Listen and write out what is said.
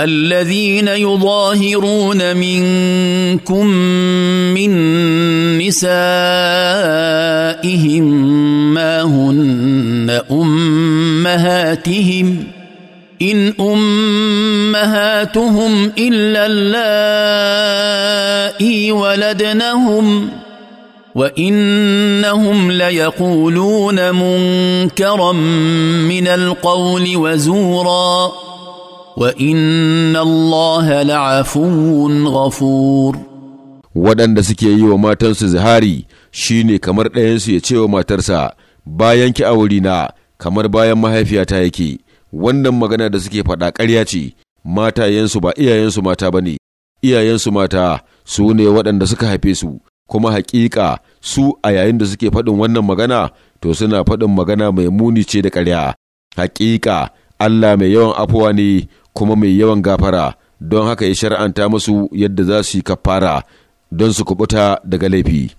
الذين يظاهرون منكم من نسائهم ما هن امهاتهم ان امهاتهم الا اللائي ولدنهم وانهم ليقولون منكرا من القول وزورا وإن الله لعفو غفور waɗanda suke yi wa matansu zihari shine kamar ɗayansu ya ce wa matarsa bayan ki a na kamar bayan mahaifiyata yake wannan magana da suke faɗa ƙarya ce matayensu ba iyayensu mata ba ne iyayensu mata su ne waɗanda suka haife su kuma haƙiƙa su a yayin da suke faɗin wannan magana to suna faɗin magana mai muni ce da ƙarya haƙiƙa Allah mai yawan afuwa ne kuma mai yawan gafara don haka ya shar'anta musu yadda za su yi kafara don su kubuta daga laifi.